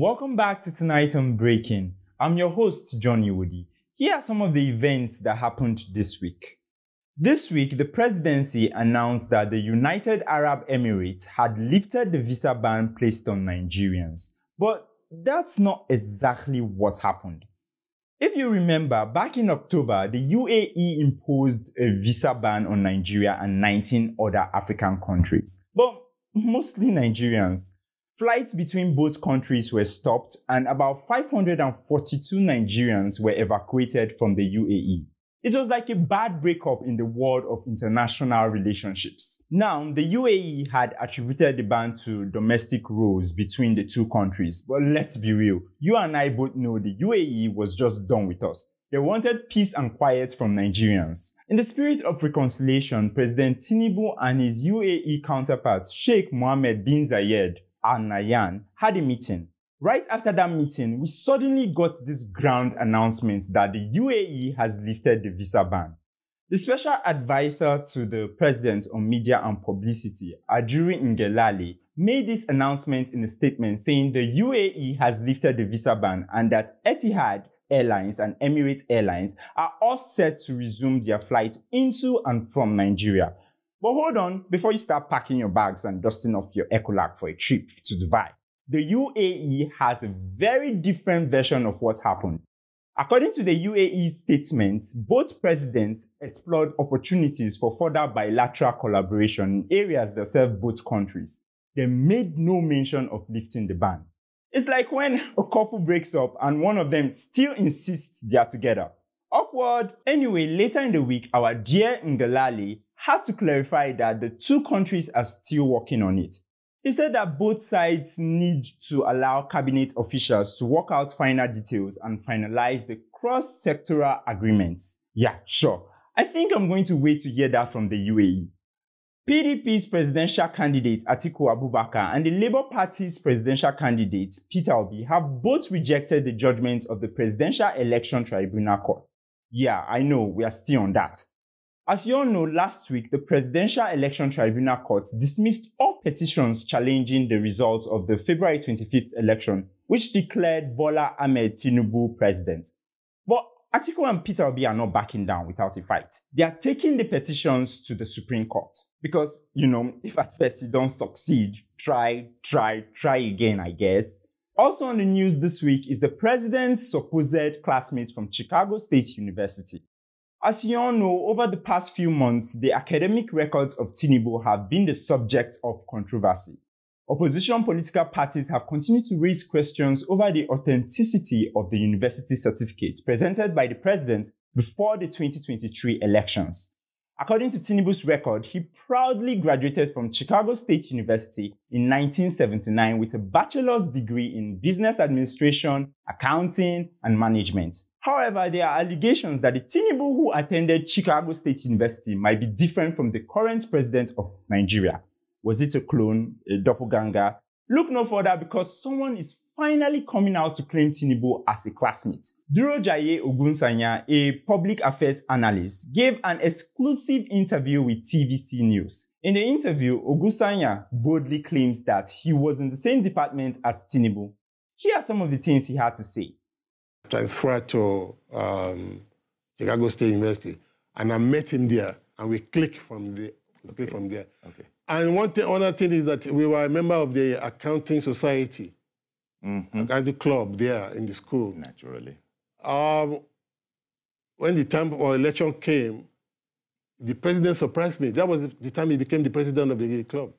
Welcome back to Tonight on Breaking. I'm your host, Johnny Woody. Here are some of the events that happened this week. This week, the presidency announced that the United Arab Emirates had lifted the visa ban placed on Nigerians. But that's not exactly what happened. If you remember, back in October, the UAE imposed a visa ban on Nigeria and 19 other African countries, but mostly Nigerians. Flights between both countries were stopped and about 542 Nigerians were evacuated from the UAE. It was like a bad breakup in the world of international relationships. Now, the UAE had attributed the ban to domestic rows between the two countries. But let's be real, you and I both know the UAE was just done with us. They wanted peace and quiet from Nigerians. In the spirit of reconciliation, President Tinubu and his UAE counterpart, Sheikh Mohammed bin Zayed, and Nayan had a meeting. Right after that meeting, we suddenly got this ground announcement that the UAE has lifted the visa ban. The special advisor to the president on media and publicity, Ajuri Ngelale, made this announcement in a statement saying the UAE has lifted the visa ban and that Etihad Airlines and Emirates Airlines are all set to resume their flights into and from Nigeria but hold on, before you start packing your bags and dusting off your Ecolac for a trip to Dubai, the UAE has a very different version of what happened. According to the UAE statement, both presidents explored opportunities for further bilateral collaboration in areas that serve both countries. They made no mention of lifting the ban. It's like when a couple breaks up and one of them still insists they are together. Awkward. Anyway, later in the week, our dear Ngalali had to clarify that the two countries are still working on it. He said that both sides need to allow cabinet officials to work out final details and finalize the cross sectoral agreements. Yeah, sure. I think I'm going to wait to hear that from the UAE. PDP's presidential candidate Atiku Abubakar and the Labour Party's presidential candidate Peter Obi have both rejected the judgment of the Presidential Election Tribunal Court. Yeah, I know, we are still on that. As you all know, last week, the Presidential Election Tribunal Court dismissed all petitions challenging the results of the February 25th election, which declared Bola Ahmed Tinubu president. But Atiku and Peter Obi are not backing down without a fight. They are taking the petitions to the Supreme Court. Because, you know, if at first you don't succeed, try, try, try again, I guess. Also on the news this week is the president's supposed classmates from Chicago State University, as you all know, over the past few months, the academic records of Tinubu have been the subject of controversy. Opposition political parties have continued to raise questions over the authenticity of the university certificates presented by the president before the 2023 elections. According to Tinubu's record, he proudly graduated from Chicago State University in 1979 with a bachelor's degree in business administration, accounting, and management. However, there are allegations that the Tinubu who attended Chicago State University might be different from the current president of Nigeria. Was it a clone, a doppelganger? Look no further because someone is finally coming out to claim Tinibu as a classmate. Durojaye Ogunsanya, a public affairs analyst, gave an exclusive interview with TVC News. In the interview, Ogunsanya boldly claims that he was in the same department as Tinibu. Here are some of the things he had to say. Transferred to um, Chicago State University, and I met him there, and we clicked from there. okay. click from there. Okay. And one thing, another thing is that we were a member of the accounting society. Mm-hmm. the club there in the school. Naturally. Um, when the time for election came, the president surprised me. That was the time he became the president of the club.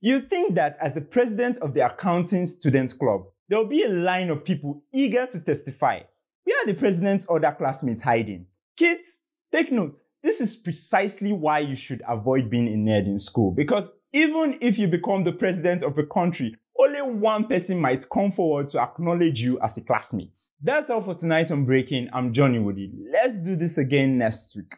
You think that as the president of the accounting student club, there will be a line of people eager to testify. Where are the president's other classmates hiding? Kids, take note. This is precisely why you should avoid being a nerd in school because even if you become the president of a country only one person might come forward to acknowledge you as a classmate. That's all for tonight on Breaking. I'm Johnny Woody. Let's do this again next week.